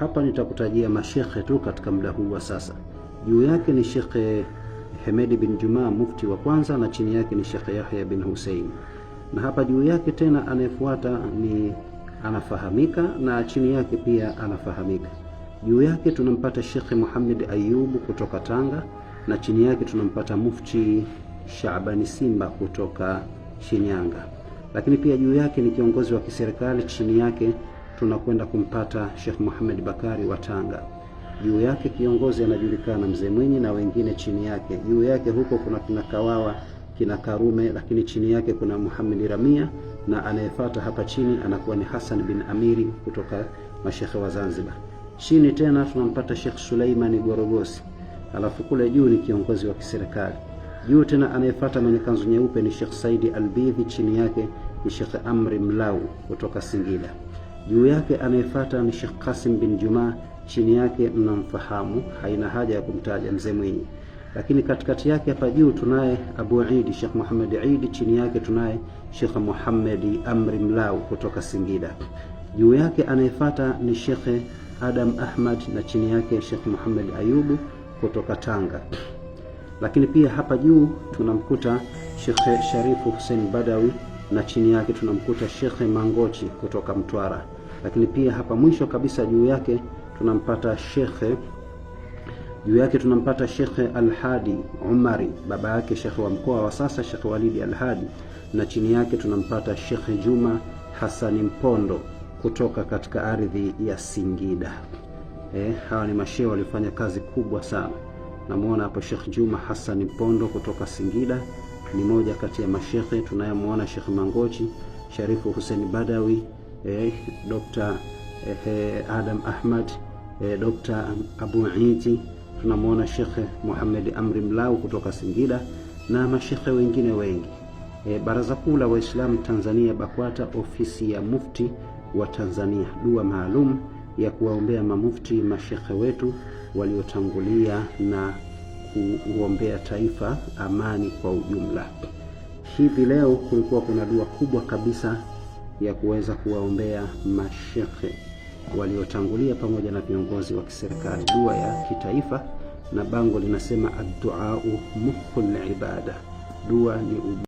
Hapa nitakutajia mashekhe tu katika muda huu wa sasa. Juu yake ni Shekhe Hemedi bin Jumaa, mufti wa kwanza, na chini yake ni Shekhe Yahya bin Hussein, na hapa juu yake tena anayefuata ni anafahamika, na chini yake pia anafahamika. Juu yake tunampata Shekhe Muhammad Ayubu kutoka Tanga, na chini yake tunampata mufti Shaabani Simba kutoka Shinyanga, lakini pia juu yake ni kiongozi wa kiserikali, chini yake tunakwenda kumpata Sheikh Muhammad Bakari wa Tanga. Juu yake kiongozi anajulikana mzee Mwinyi na wengine chini yake. Juu yake huko kuna kina Kawawa, kina Karume, lakini chini yake kuna Muhammad Ramia na anayefuata hapa chini anakuwa ni Hassan bin Amiri kutoka mashekhe wa Zanzibar. Chini tena tunampata Sheikh Suleiman Gorogosi, alafu kule juu ni kiongozi wa kiserikali. Juu tena anayefuata mwenye kanzu nyeupe ni Sheikh Saidi Albidhi, chini yake ni Sheikh Amri Mlau kutoka Singida. Juu yake anayefuata ni Sheikh Qasim bin Juma, chini yake mnamfahamu, haina haja ya kumtaja mzee Mwinyi. Lakini katikati yake hapa juu tunaye Abu Idi Sheikh Muhammad Idi, chini yake tunaye Sheikh Muhammad Amri Mlau kutoka Singida. Juu yake anayefuata ni Sheikh Adam Ahmad na chini yake Sheikh Muhammad Ayubu kutoka Tanga. Lakini pia hapa juu tunamkuta Sheikh Sharifu Hussein Badawi na chini yake tunamkuta Sheikh Mangochi kutoka Mtwara. Lakini pia hapa mwisho kabisa juu yake tunampata shekhe juu yake tunampata Shekhe Alhadi Umari, baba yake shekhe wa mkoa wa sasa shekhe Walidi Alhadi, na chini yake tunampata Shekhe Juma Hasani Mpondo kutoka katika ardhi ya Singida. Eh, hawa ni mashehe walifanya kazi kubwa sana. Namuona hapo Shekh Juma Hasani Mpondo kutoka Singida ni moja kati ya mashekhe. Tunayemwona shekhe Mangochi, Sharifu Hussein Badawi eh, Dr. eh, Adam Ahmad eh, Dr. Abu Iti, tunamwona Shekhe Muhammad Amri Mlau kutoka Singida na mashekhe wengine wengi. E, Baraza Kuu la Waislamu Tanzania BAKWATA, ofisi ya mufti wa Tanzania, dua maalum ya kuwaombea mamufti mashekhe wetu waliotangulia na kuombea taifa amani kwa ujumla. Hivi leo kulikuwa kuna dua kubwa kabisa ya kuweza kuwaombea mashekhe waliotangulia pamoja na viongozi wa kiserikali, dua ya kitaifa, na bango linasema adduau muhul ibada, dua ni